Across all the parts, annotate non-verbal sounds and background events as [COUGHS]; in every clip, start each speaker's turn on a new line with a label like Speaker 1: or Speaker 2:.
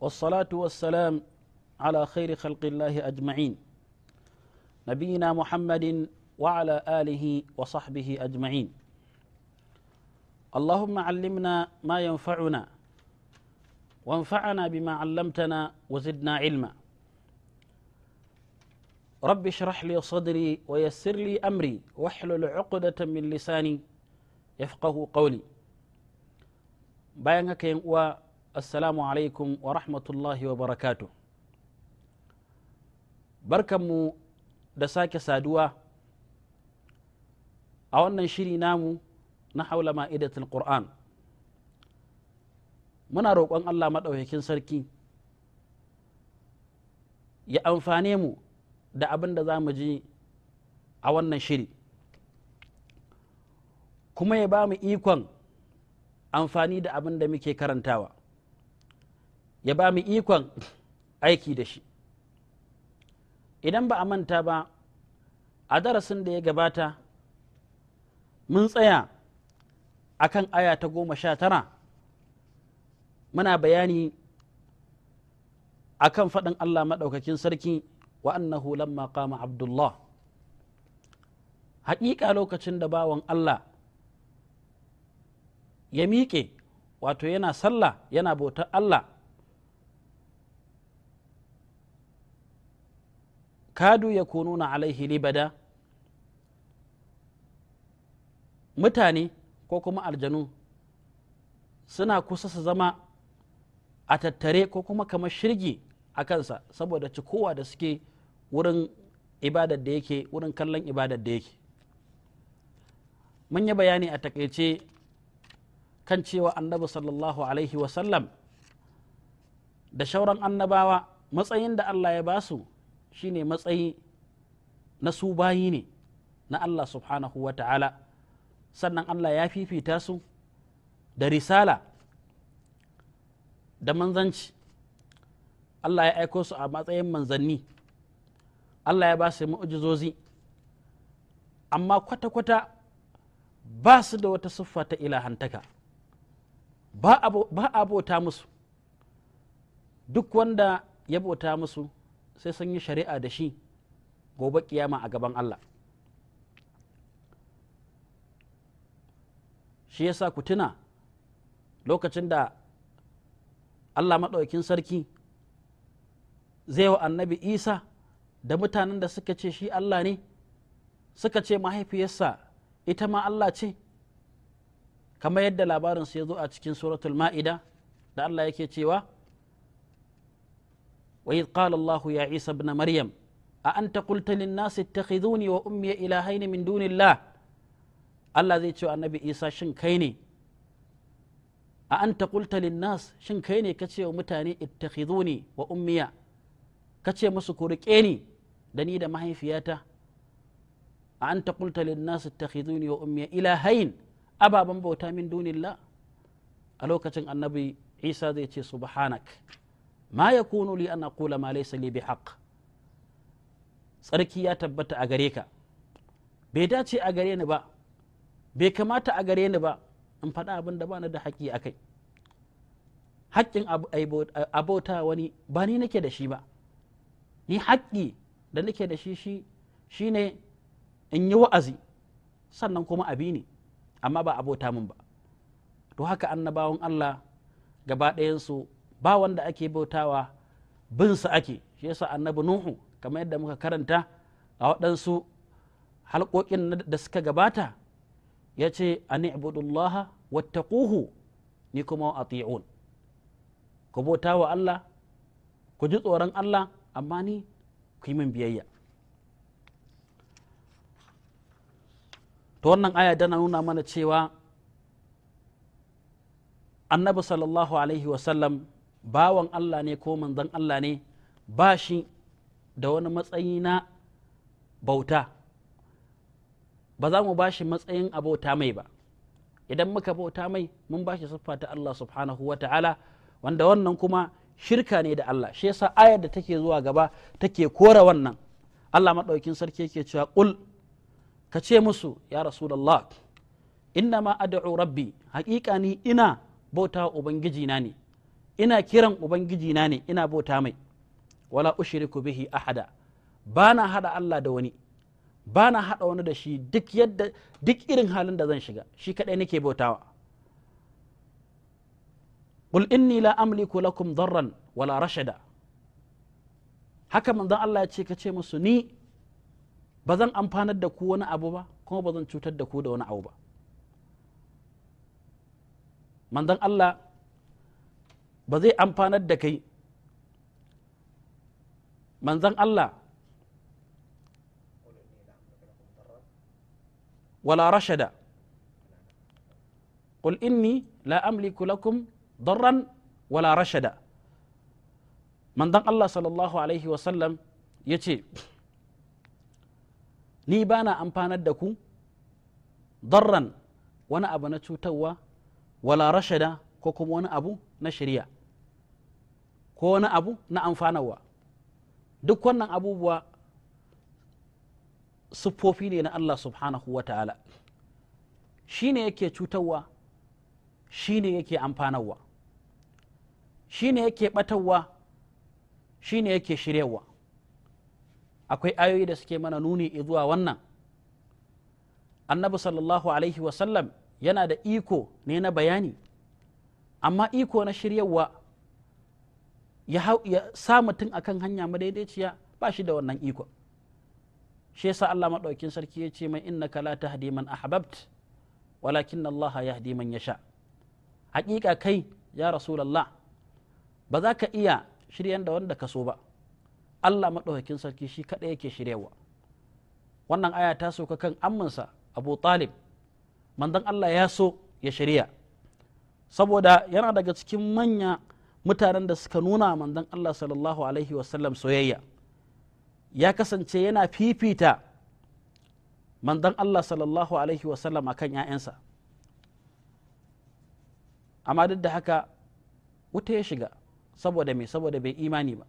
Speaker 1: والصلاة والسلام على خير خلق الله أجمعين نبينا محمد وعلى آله وصحبه أجمعين اللهم علمنا ما ينفعنا وانفعنا بما علمتنا وزدنا علما رب اشرح لي صدري ويسر لي أمري واحلل عقدة من لساني يفقه قولي بيانك ينقوى assalamu alaikum wa rahmatullahi wa barakatu barkanmu da sake saduwa a wannan shiri namu na haula ma'idatul qur'an muna roƙon allah maɗaukakin sarki ya amfane mu da abin da za mu ji a wannan shiri kuma ya ba mu ikon amfani da abin da muke karantawa ya ba mu ikon aiki da shi idan ba a manta ba a darasin da ya gabata mun tsaya a kan aya ta goma sha tara muna bayani a kan faɗin allah maɗaukakin sarki wa annahu lamma qama abdullah haƙiƙa lokacin da bawan allah ya miƙe wato yana sallah yana bautar allah kadu ya kununa alaihi libada mutane ko kuma aljanu suna kusa su zama a tattare ko kuma kamar shirgi a kansa saboda cikowa da suke wurin ibadar da yake wurin kallon ibadar da yake mun yi bayani a takaice kan cewa annabi sallallahu alaihi wasallam da shauran annabawa matsayin da allah ya basu shine matsayi na su bayi ne na Allah subhanahu wa ta'ala sannan Allah ya fifita su da risala da manzanci Allah ya aiko su a matsayin manzanni Allah ya ba su mu'jizozi amma kwata-kwata ba su da wata siffa ta ilahantaka ba abota musu duk wanda ya bota musu sai sun yi shari'a da shi gobe kiyama a gaban Allah shi yasa ku tuna lokacin da Allah maɗaukin sarki zai wa annabi Isa da mutanen da suka ce shi Allah ne suka ce mahaifiyarsa ita ma Allah ce kamar yadda labarinsu ya zo a cikin suratul ma'ida da Allah yake cewa وإذ قال الله يا عيسى ابن مريم أأنت قلت للناس اتخذوني وأمي إلهين من دون الله الله ذي تشوى النبي عيسى شن كيني أأنت قلت للناس شن كيني كتشي ومتاني اتخذوني وأمي كتشي مسكورك إني دني دا مهي فياتا أأنت قلت للناس اتخذوني وأمي إلهين أبا بمبوتا من دون الله ألوكة النبي عيسى ذي تشي سبحانك ma ya kunu li an aqula ma laysa li tsarki ya tabbata a gare ka bai dace a gare ni ba bai kamata a gare ni ba in faɗa abin da bani da haƙƙi a kai haƙƙin abota wani ba ni nake da shi ba ni haƙƙi da nake da shi shi ne in yi wa'azi sannan kuma abi ne amma ba abota min ba to haka annabawan Allah gaba ɗayansu ba wanda ake bautawa binsa ake shi yasa annabi nuhu kamar yadda muka karanta a waɗansu halƙoƙin da suka gabata ya ce a ni'budullaha wattaquhu ni kuma ati'un ku bauta wa Allah ku ji tsoron Allah amma ni ku yi min biyayya ta wannan aya dana nuna mana cewa annabi sallallahu alaihi wasallam bawan Allah ne ko manzon Allah ne ba shi da wani matsayi na bauta ba za mu ba shi matsayin abota mai ba idan muka bauta mai mun ba shi siffa ta Allah subhanahu wa ta'ala wanda wannan kuma shirka ne da Allah shi yasa ayar da take zuwa gaba take kora wannan Allah maɗaukin sarki yake cewa kul ka ce musu ya rasulullah inna ma ad'u rabbi haƙiƙa ni ina bauta ubangiji na ne ina kiran ubangiji na ne ina bauta mai wala ushriku bihi ahada bana hada Allah da wani bana hada wani da shi duk yadda duk irin halin da zan shiga shi kadai nake bautawa qul inni la amliku lakum darran wala rashada haka manzon Allah ya ce ka ce musu ni ba zan amfanar da ku wani abu ba kuma ba zan cutar da ku da wani abu ba manzon Allah ba zai amfanar da kai manzan Allah wala rashada قل إني لا أملك لكم ضرا ولا رشدا من دان الله صلى الله عليه وسلم يتي ni bana na amfanar da ku darran wani abu na cutarwa wala rashada ko kuma wani abu na shirya ko wani abu na amfanarwa duk wannan abubuwa siffofi ne na Allah subhanahu wa ta'ala shi ne yake cutarwa shi ne yake amfanarwa shi ne yake batarwa shi ne yake shiryarwa akwai ayoyi da suke mana nuni zuwa wannan annabi sallallahu alaihi wasallam yana da iko ne na bayani amma iko na shiryarwa ya sa mutum akan hanya madaidaiciya ba shi da wannan iko shi yasa Allah maɗaukin sarki ya ce mai kala la hadi man ahbabt walakin Allah ya hadi man sha. haƙiƙa kai ya rasu rasulullah ba za ka iya shiryan da wanda ka so ba Allah maɗaukin sarki shi kaɗai yake shiryawa wannan aya ta ka kan amminsa Abu Talib manzon Allah ya so ya shirya saboda yana daga cikin manya mutanen da suka nuna manzon Allah sallallahu alaihi wasallam soyayya ya kasance yana fifita manzon Allah sallallahu alaihi wasallam akan 'ya'yansa amma duk da haka wuta ya shiga saboda mai saboda bai imani ba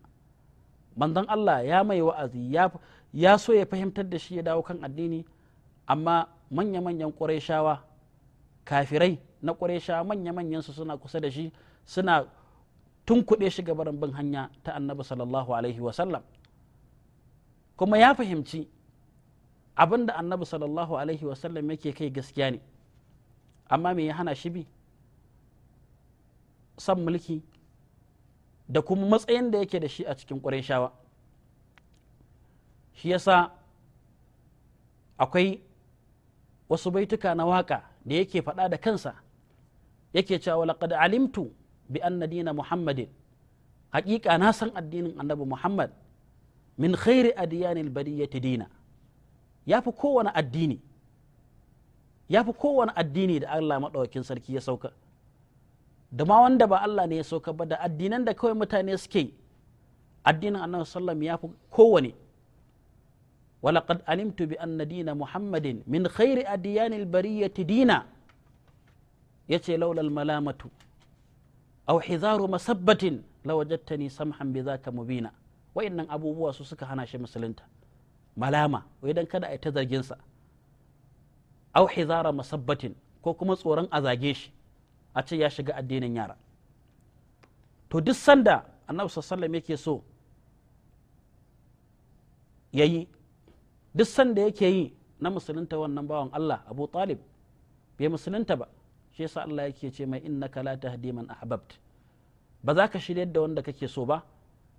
Speaker 1: manzon Allah ya mai wa'azi ya so ya fahimtar da shi ya dawo kan addini amma manya-manyan ƙurayshawa kafirai na ƙuraishawa manya manyansu suna kusa da shi suna tunkuɗe shi gabarin bin hanya ta annabi sallallahu alaihi wasallam kuma ya fahimci abin da annabi sallallahu alaihi wasallam yake kai gaskiya ne amma me ya hana shi bi san mulki da kuma matsayin da yake da shi a cikin shawa. shi yasa akwai wasu baituka na waka da yake faɗa da kansa yake cewa laqad alimtu Bi'an anna dina muhammadin haƙiƙa na san addinin annabi muhammad min khairi adiyanil badiyati ya fi kowane addini ya fi kowane addini da allah maɗaukin sarki ya sauka da ma wanda ba allah ne ya sauka ba da addinan da kawai mutane suke addinin annabi sallam ya fi kowane ولقد علمت بأن دين محمد من خير أديان البرية دينا يتي لولا الملامة aw hizaru masabbatin lawajadtani samhan bi zaka mubina wayannan abubuwa su suka hana shi musulunta malama wai dan kada a ta zargin sa aw hizara masabbatin ko kuma tsoron a zage shi a ya shiga addinin yara to duk sanda annabi sallallahu yake so yayi duk sanda yake yi na musulunta wannan bawan Allah Abu Talib bai musulunta ba shi yasa Allah yake ce mai innaka la tahdi man ahbabt ba za ka shiryar da wanda kake so ba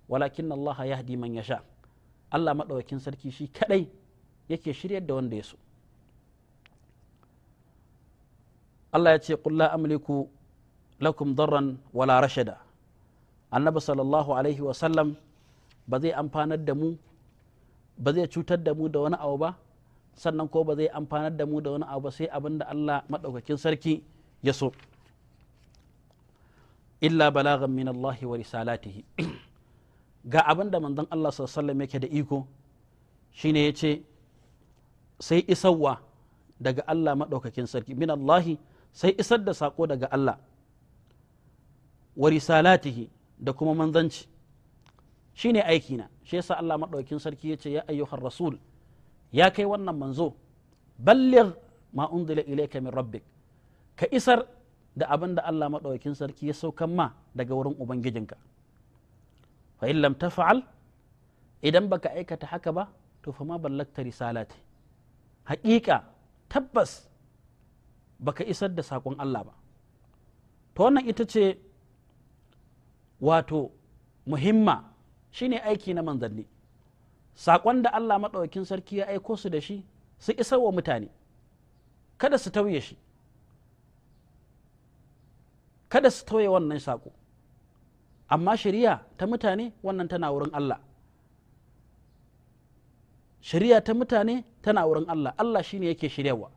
Speaker 1: walakin Allah yahdi man yasha Allah madaukakin sarki shi kadai yake shiryar da wanda ya so Allah ya ce qul la amliku lakum darran wala rashada annabi sallallahu alaihi wa sallam ba zai amfanar da mu ba zai cutar da mu da wani abu ba sannan ko ba zai amfanar da mu da wani abu sai abin da Allah maɗaukakin sarki ya so illa balagan min Allah wa [CLEARS THROAT] ga abin da manzon Allah sallallahu yake da iko shine ya ce sai isarwa daga Allah maɗaukakin sarki min sai isar da sako daga Allah wa risalatihi da kuma manzanci shine aikina shi yasa Allah maɗaukakin sarki ya ce ya ayyuhar rasul ya kai wannan manzo balligh ma unzila ilayka min rabbik ka isar da abin da Allah maɗaukin sarki ya saukan ma daga wurin ubangijinka fa in ta tafa'al idan baka aikata haka ba to fa ma ballagta risalati haƙiƙa tabbas baka isar da sakon Allah ba to wannan ita ce wato muhimma shine aiki na manzanni saƙon da Allah maɗaukin sarki ya aiko su da shi su isar wa mutane kada su tauye shi kada su tauye wannan saƙo amma shari'a ta mutane wannan tana wurin Allah shari'a ta mutane tana wurin Allah Allah shine yake shiryawa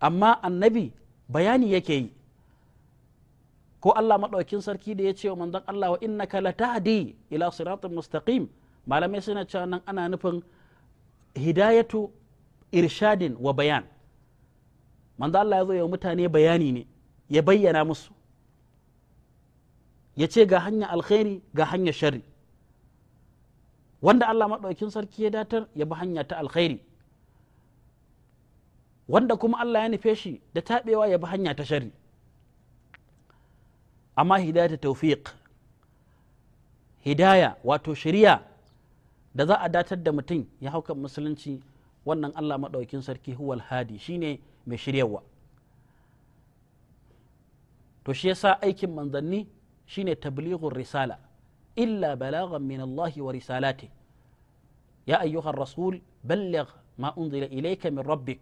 Speaker 1: amma annabi bayani yake yi ko Allah maɗaukin sarki da ya ce wa manzon Allah wa innaka latahdi ila siratin mustaqim malamai suna cewa nan ana nufin hidayatu irshadin wa bayan manzon Allah ya zo ya mutane bayani ne ya bayyana musu ya ce ga hanya alkhairi ga hanya shari wanda Allah maɗaukin sarki ya datar ya bi hanya ta alkhairi wanda kuma Allah ya nufe shi da taɓewa ya bi hanya ta shari amma hidayata taufiq hidaya wato shari'a da za a datar da mutum ya haukan musulunci wannan Allah maɗaukin sarki huwal hadi shine mai shiryawa to shi yasa aikin manzanni shine tablighur risala illa balagan min Allah wa risalati ya ayyuhar rasul balligh ma unzila ilayka min rabbik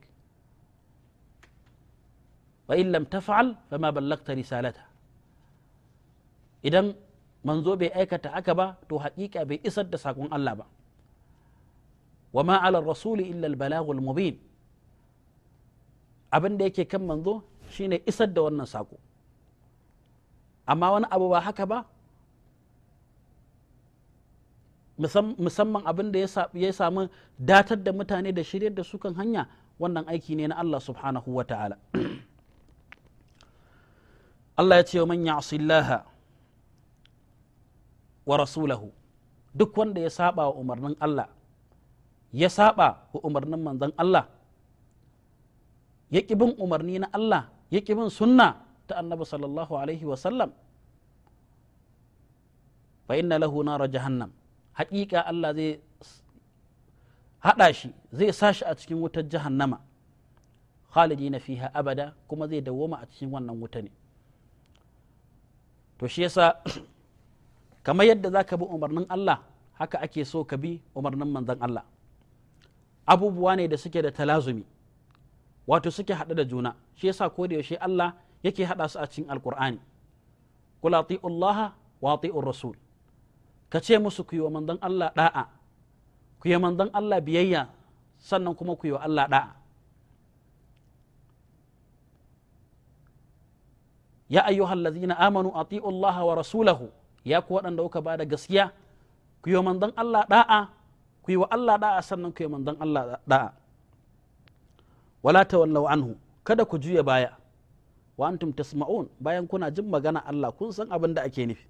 Speaker 1: wa in lam taf'al fama ballagta risalata idan manzo bai aikata haka ba to haƙiƙa bai isar da sakon Allah ba wa ma ala rasuli illa al-balagul mubin abin da yake kan manzo shine isar da wannan saƙo amma wani abu ba haka ba musamman abin da ya samu datar da mutane da shiryar da su kan hanya wannan aiki ne na Allah subhanahu wa ta'ala Allah ya ce wa man ya'sillaha wa rasulahu duk wanda ya saba wa umarnin Allah ya saba wa umarnin manzon Allah ya bin umarni na Allah ya bin sunna ta annabi sallallahu alaihi wasallam fa inna lahu nara jahannam haƙiƙa Allah zai haɗa shi zai sa shi a cikin wutar jahannama khalidi na fiha abada kuma zai dawoma a cikin wannan wuta ne to shi yasa [COUGHS] kamar yadda za ka bi umarnin Allah haka ake so ka bi umarnin manzon Allah abubuwa ne da suke da talazumi wato suke haɗe da juna shi yasa ko da yaushe Allah yake haɗa su a cikin alkur'ani kula Allah wa ati'ur rasul ka ce musu ku yi wa manzon Allah da'a ku yi manzon Allah biyayya sannan kuma ku yi wa Allah da'a ya ayyuhal ladzina amanu ati'u Allah wa rasulahu ya ku waɗanda kuka bada gaskiya ku yi wa manzon Allah da'a ku yi wa Allah da'a sannan ku yi manzon Allah da'a wala tawallaw anhu kada ku juya baya wa antum tasma'un bayan kuna jin magana Allah kun san abin da ake nufi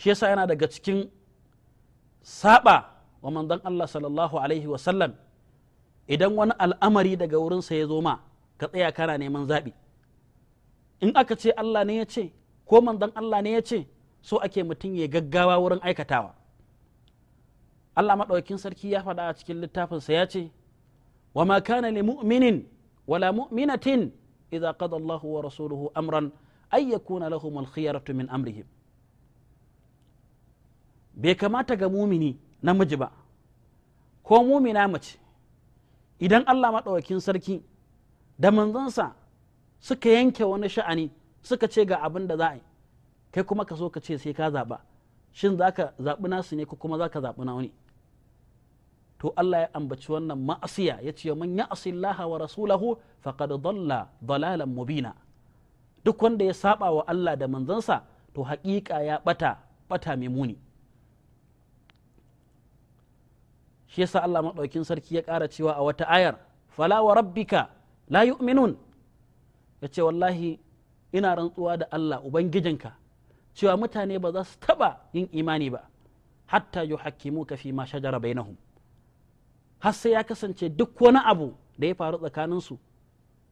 Speaker 1: shi yasa yana daga cikin saba wa manzon Allah sallallahu alaihi wa sallam idan wani al'amari daga wurinsa ya zo ma ka tsaya kana neman zaɓi in aka ce Allah ne ya ce ko manzon Allah ne ya ce so ake mutum ya gaggawa wurin aikatawa Allah madaukin sarki ya faɗa a cikin littafinsa ya ce wa ma kana li mu'minin ولا مؤمنة إذا قضى الله ورسوله أمرا أن يكون لهم الخيرة من أمرهم بكما تجا مؤمني نمجبا كو مؤمنا مج إذن الله ما تواكين سركي دمان ذنسا سكا ينكا أني سكا تشيغا عبن دائي كي كما كسوكا تشيسي كذا با شن ذاك ذاك بناسي كما ذاك ذاك بناوني to Allah ya ambaci wannan ma'asiya ya ce man ya'si Allah wa rasulahu faqad dalla dalalan mubina duk wanda ya saba wa Allah da manzansa to haƙiƙa ya bata bata mai muni shi yasa Allah maɗaukin sarki ya ƙara cewa a wata ayar fala wa rabbika la yu'minun ya wallahi ina rantsuwa da Allah ubangijinka cewa mutane ba za su taba yin imani ba hatta yuhakkimuka fi ma shajara bainahum har sai ya kasance duk wani abu da ya faru tsakaninsu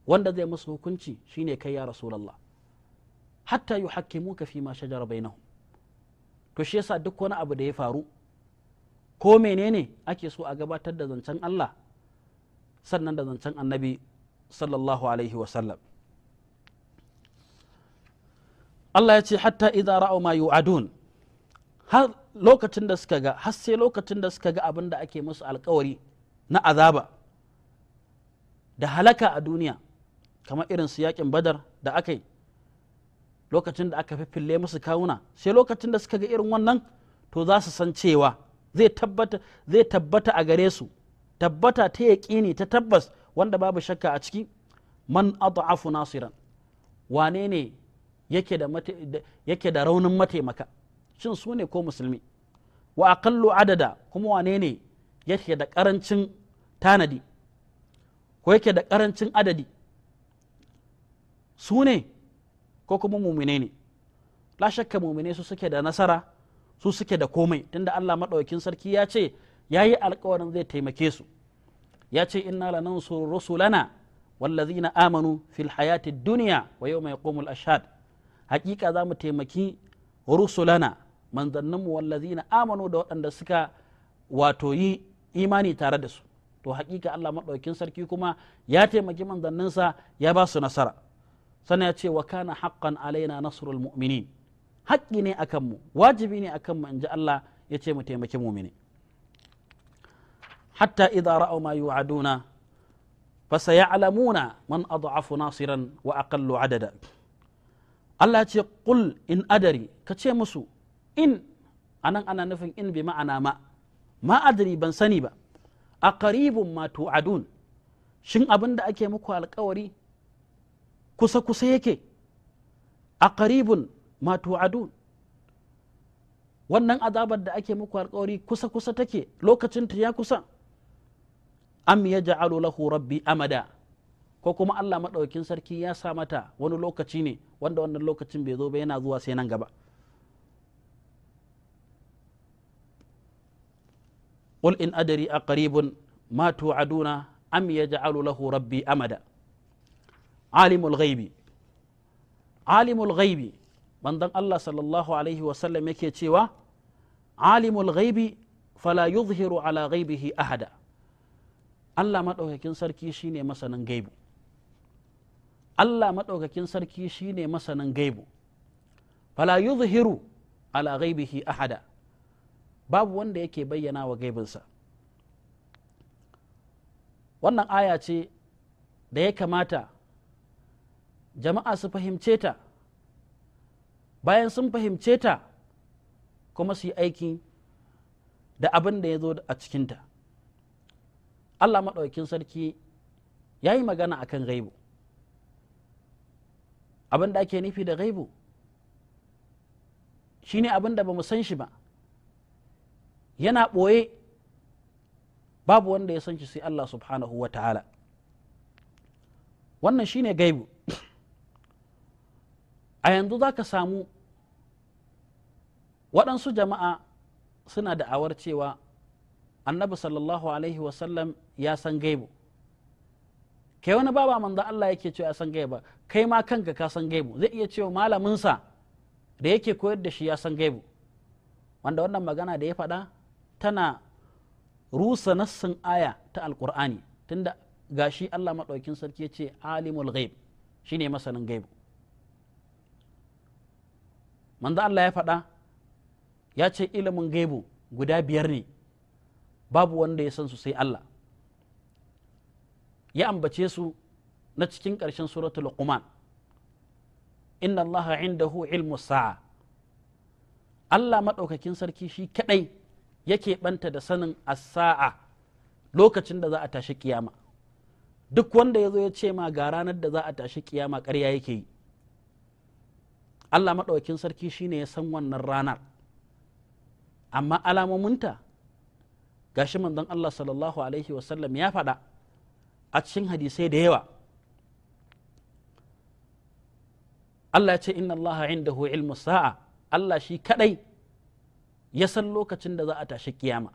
Speaker 1: wanda zai musu hukunci shine kai ya rasulullah hatta yuhakkimuka fi ma shajara bainahum to shi yasa duk wani abu da ya faru ko menene ake so a gabatar da zancen Allah sannan da zancen annabi sallallahu alaihi wasallam Allah ya ce hatta idza ra'u ma yu'adun har lokacin da suka ga har sai lokacin da suka ga abin da ake musu alkawari na azaba da halaka a duniya kamar irin su yakin badar da aka yi lokacin da aka fiffille musu kawuna sai lokacin da suka ga irin wannan to za su san cewa zai tabbata a gare su tabbata ta yaƙini ta tabbas wanda babu shakka a ciki man ad'afu nasiran wane ne yake da yake da raunin mataimaka shin su ne ko musulmi wa aqallu adada kuma wane ne yake da ƙarancin tanadi ko yake da ƙarancin adadi su ne ko kuma mumine ne la shakka mumine su suke da nasara su suke da komai tunda Allah maɗaukin sarki ya ce ya yi alkawarin zai taimake su ya ce inna lanansuru rusulana wallazina amanu fil hayati duniya wa yawma yaqumul ashad hakika za mu taimaki rusulana manzanninmu wallazina amanu da waɗanda suka wato yi imani tare da su to hakika Allah maɗaukin sarki kuma ya taimaki manzanninsa ya ba su nasara sannan ya ce wa kana haqqan alaina nasrul mu'minin haƙƙi ne akan mu wajibi ne akan mu inji Allah ya ce mu taimaki mu'mini hatta idza ra'aw ma yu'aduna fasayalamuna man ad'afu nasiran wa aqallu adada Allah ce qul in adari ka ce musu in anan ana nufin in bi ma'ana ma ma adri ban sani ba a karibin ma tu'adun shin abin da ake muku alkawari kusa kusa yake a karibin ma tu'adun wannan azabar da ake muku alkawari kusa kusa take lokacin ta ya kusa am yaj'alu lahu rabbi amada ko kuma Allah maɗaukin sarki ya sa mata wani lokaci ne wanda wannan lokacin bai zo ba yana zuwa sai nan gaba قل إن أدري أقريب ما توعدون أم يجعل له ربي أمدا عالم الغيب عالم الغيب من دن الله صلى الله عليه وسلم يكي عالم الغيب فلا يظهر على غيبه أحدا الله ما تقول كن سر كيشيني مثلا غيب الله ما تقول كن سر كيشيني مثلا غيب فلا يظهر على غيبه أحدا babu wanda yake bayyana wa gaibinsa wannan aya ce da ya kamata jama'a su fahimce ta bayan sun fahimce ta kuma su yi aiki da abin da ya zo a cikinta allah maɗaukin sarki ya yi magana a kan gaibu abin da ake nufi da gaibu shi ne abin da ba san shi ba yana ɓoye babu wanda ya san shi sai Allah subhanahu wa ta'ala wannan shine gaibu [COUGHS] a yanzu za ka samu waɗansu jama'a suna da'awar cewa annabi sallallahu alaihi wasallam ya san gaibu kai wani baba manzo Allah yake cewa ya san gaibu kai ma kanka ka san gaibu zai iya cewa malaminsa da yake koyar da shi ya san gaibu wanda wannan magana da ya faɗa tana rusa nassin aya ta alkur'ani tunda gashi Allah maɗaukin sarki ya ce alimul ghaib shine masanin gaibu manzo Allah ya faɗa ya ce ilimin gaibu guda biyar ne babu wanda ya san su sai Allah ya ambace su na cikin ƙarshen suratul Luqman inna Allah indahu ilmus sa'a Allah maɗaukakin sarki shi kaɗai yake banta da sanin asa'a lokacin da za a tashi kiyama duk wanda ya zo ya ce ma ga ranar da za a tashi kiyama ƙarya yake yi Allah maɗaukin sarki shine ya san wannan ranar amma alamominta gashi manzon Allah sallallahu alaihi wasallam ya faɗa a cikin hadisai da yawa Allah ya ce inna Allah indahu ilmu sa'a Allah shi kaɗai. ya san lokacin da za a tashi kiyama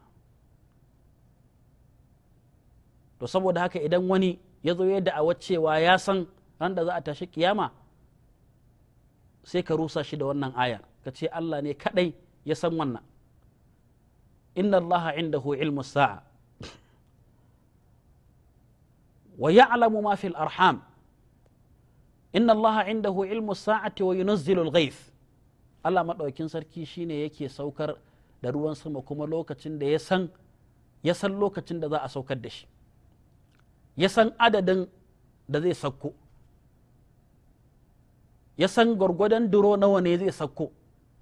Speaker 1: to saboda haka idan wani ya zo ya da'awar cewa ya san ran da za a tashi kiyama sai ka rusa shi da wannan aya ka ce Allah ne kadai ya san wannan inna Allah indahu ilmu sa'a wa ya'lamu ma fil arham inna Allah indahu ilmu sa'ati wa yunazzilu al-ghayth Allah madaukin sarki shine yake saukar da ruwan sama kuma lokacin da ya san ya san lokacin da za a saukar da shi ya san adadin da zai sakko ya san gwargwadon duro nawa ne zai sauko.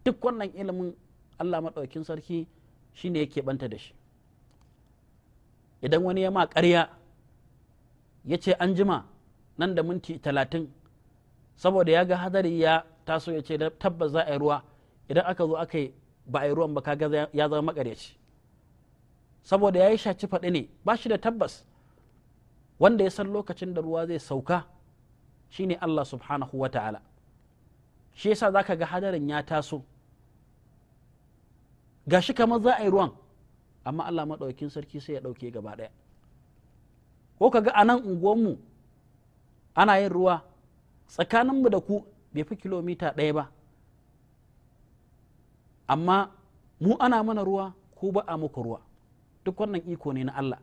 Speaker 1: duk wannan ilimin allah maɗaukin sarki shi ne yake banta da shi idan wani ya ma ƙarya ya ce an jima nan da minti talatin saboda ya ga hadari ya taso ya ce tabbas za a yi ruwa idan aka zo aka yi ba a yi ruwan ba kaga ya zama makaryaci saboda ya yi shaci faɗi ne ba shi da tabbas wanda ya san lokacin da ruwa zai sauka shine Allah subhanahu wa ta'ala shi yasa za ka ga hadarin ya taso ga shi kamar za a yi ruwan amma Allah maɗaukin sarki sai ya ɗauke gaba ɗaya ko ka ga anan nan unguwanmu ana yin ruwa tsakaninmu da ku bai fi kilomita ɗaya ba amma mu ana mana ruwa ko ba a muku ruwa duk wannan iko ne na Allah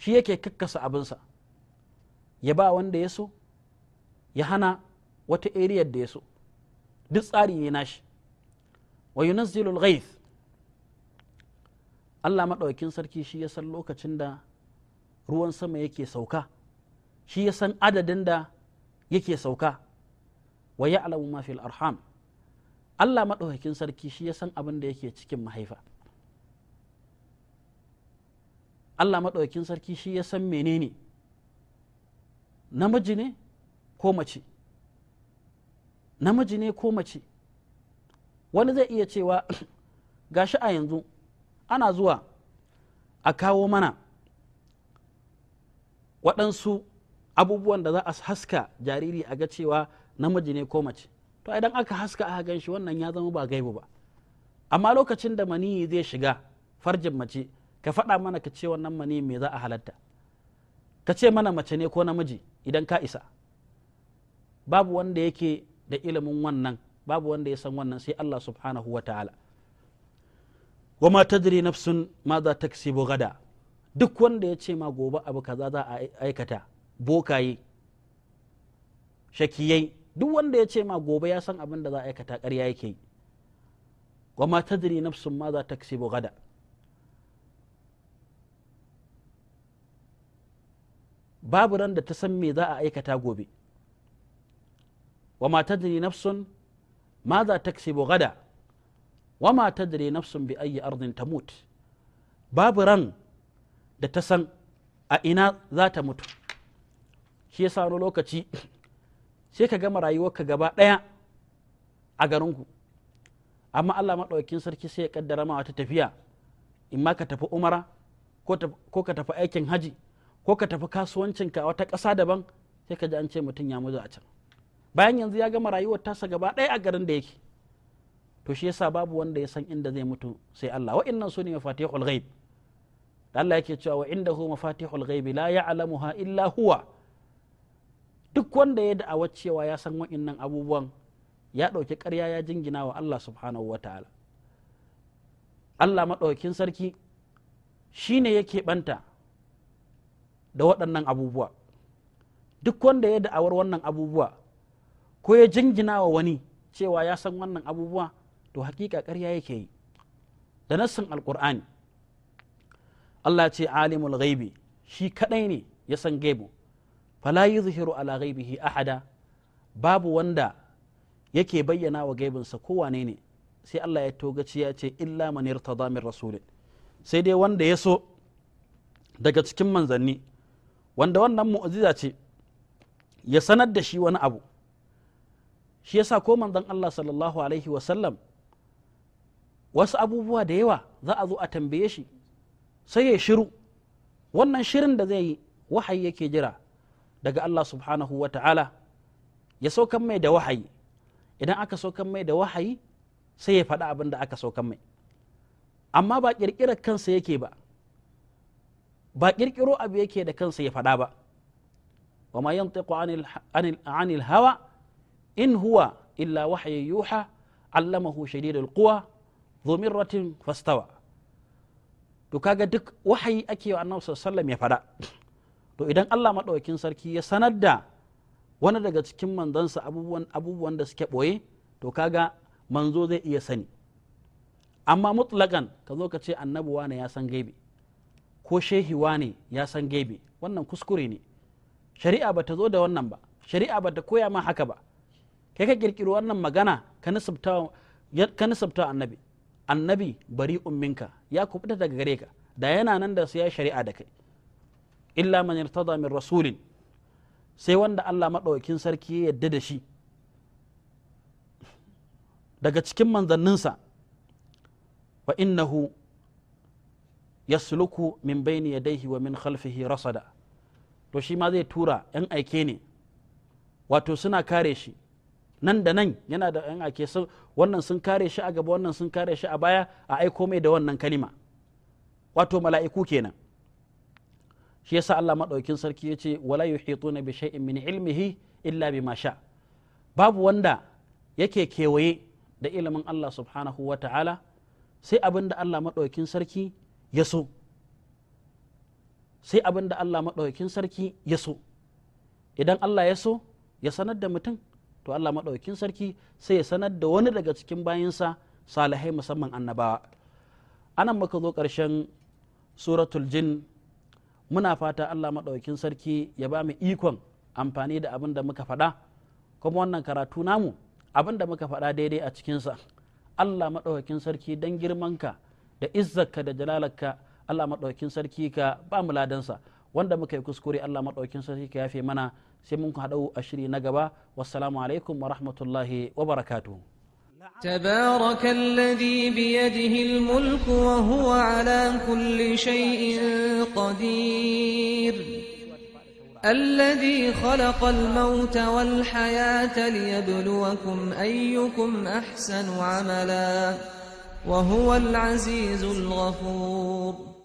Speaker 1: shi yake kakkasa abinsa ya ba wanda ya so ya hana wata ariyar da ya so duk tsari ne nashi wa yunazzilul ghaith Allah maɗaukin sarki shi ya san lokacin da ruwan sama yake sauka shi ya san adadin da yake sauka wa ya'lamu ma fil arham Allah maɗaukakin sarki shi ya san abin da yake cikin mahaifa Allah maɗaukakin sarki shi ya san menene namiji ne ko mace namiji ne ko mace wani zai iya cewa [CLEARS THROAT] gashi a yanzu ana zuwa a kawo mana waɗansu abubuwan da za a haska jariri a ga cewa namiji ne ko mace to idan aka haska aka gan shi wannan ya zama ba gaibu ba amma lokacin da maniyi zai shiga farjin mace ka faɗa mana ka ce wannan mani me za a halatta ka ce mana mace ne ko namiji idan ka isa babu wanda yake da ilimin wannan babu wanda ya san wannan sai Allah subhanahu wa ta'ala wa ma tadri nafsun ma za ta gada duk wanda ya ce ma gobe abu kaza za a aikata bokaye shakiyai duk wanda ya ce ma gobe ya san abin da za a aikata ƙarya yake yi wa ma tadri nafsun ma za ta gada babu ran da ta san me za a aikata gobe wa ma tadri nafsun ma za ta gada wa ma tadri nafsun bi ayi ta mut babu ran da ta san a ina za ta mutu shi yasa wani lokaci sai ka gama ka gaba ɗaya a garinku amma Allah maɗaukin sarki sai ya kaddara ma wata tafiya in ma ka tafi umara ko ka tafi aikin haji ko ka tafi kasuwancinka a wata ƙasa daban sai ka ji an ce mutum ya mutu a can bayan yanzu ya gama rayuwar tasa gaba ɗaya a garin da yake to shi yasa babu wanda ya san inda zai mutu sai Allah wa'annan su ne mafatihul ghaib Allah yake cewa wa indahu mafatihul ghaibi la ya'lamuha illa huwa duk wanda ya da'awa cewa ya san wa'innan abubuwan ya ɗauki ƙarya ya jingina wa Allah subhanahu wa ta'ala Allah maɗaukin sarki shi ne yake ɓanta da waɗannan abubuwa duk wanda ya da'awar wannan abubuwa ko ya jingina wa wani cewa ya san wannan abubuwa to hakika ƙarya yake yi da nassin alƙur'ani Allah ce alimul ghaibi shi kaɗai ne ya san gaibu fala yuzhiru ala ghaibihi ahada babu wanda yake bayyana wa gaibinsa kowane ne sai Allah ya togaci ya ce illa man irtada min rasulin sai dai wanda ya so daga cikin manzanni wanda wannan mu'jiza ce ya sanar da shi wani abu shi yasa ko manzon Allah sallallahu alaihi wasallam wasu abubuwa da yawa za a zo a tambaye shi sai ya shiru wannan shirin da zai yi wahayi yake jira daga Allah subhanahu wa ta'ala ya saukan mai da wahayi idan aka saukan mai da wahayi sai ya faɗi abin da aka saukan mai amma ba ƙirƙirar kansa yake ba ba ƙirƙiro abu yake da kansa ya faɗa ba wa ma yantiqu anil hawa in huwa illa wahyi yuha allamahu shadidul quwa dhu fastawa to kaga duk wahayi ake wa annabi sallallahu alaihi wasallam ya faɗa to idan Allah maɗaukin sarki ya sanar da wani daga cikin manzansa abubuwan da suke ɓoye to kaga manzo zai iya sani amma mutlakan ka zo ka ce annabi wane ya san gaibi ko shehi wane ya san gaibi wannan kuskure ne shari'a ba ta zo da wannan ba shari'a ba ta koya ma haka ba kai ka kirkiro wannan magana ka nisabta annabi annabi bari umminka ya kubuta daga gare ka da yana nan da su ya shari'a da kai illa man irtada min rasulin sai wanda Allah maɗaukin sarki ya yadda da shi daga cikin manzanninsa wa innahu yasluku min bayni yadayhi wa min khalfihi rasada to shi ma zai tura yan aike ne wato suna kare shi nan da nan yana da yan ake wannan sun kare shi a gaba wannan sun kare shi a baya a aiko mai da wannan kalima wato mala'iku kenan shi yasa Allah maɗaukin sarki ya yace wala yuhituna bi shay'in min ilmihi illa bima sha babu wanda yake kewaye da ilimin Allah subhanahu wa ta'ala sai abin Allah madaukin sarki ya so sai abin Allah madaukin sarki ya so idan Allah ya so ya sanar da mutum to Allah madaukin sarki sai ya sanar da wani daga cikin bayansa salihai musamman annabawa anan muka zo ƙarshen suratul jin muna fata allah maɗaukin sarki ya ba mu ikon amfani da abin da muka faɗa kuma wannan karatu namu abin da muka faɗa daidai a cikinsa allah maɗaukin sarki don girmanka da izzarka da jalalarka allah maɗaukin sarki ka ba mu ladansa wanda muka yi kuskure allah maɗaukin sarki ka yafe mana sai mun haɗu a shiri na gaba wassalamu alaikum wa rahmatullahi wa barakatuhu تبارك الذي بيده الملك وهو على كل شيء قدير الذي خلق الموت والحياة ليبلوكم أيكم أحسن عملا وهو العزيز الغفور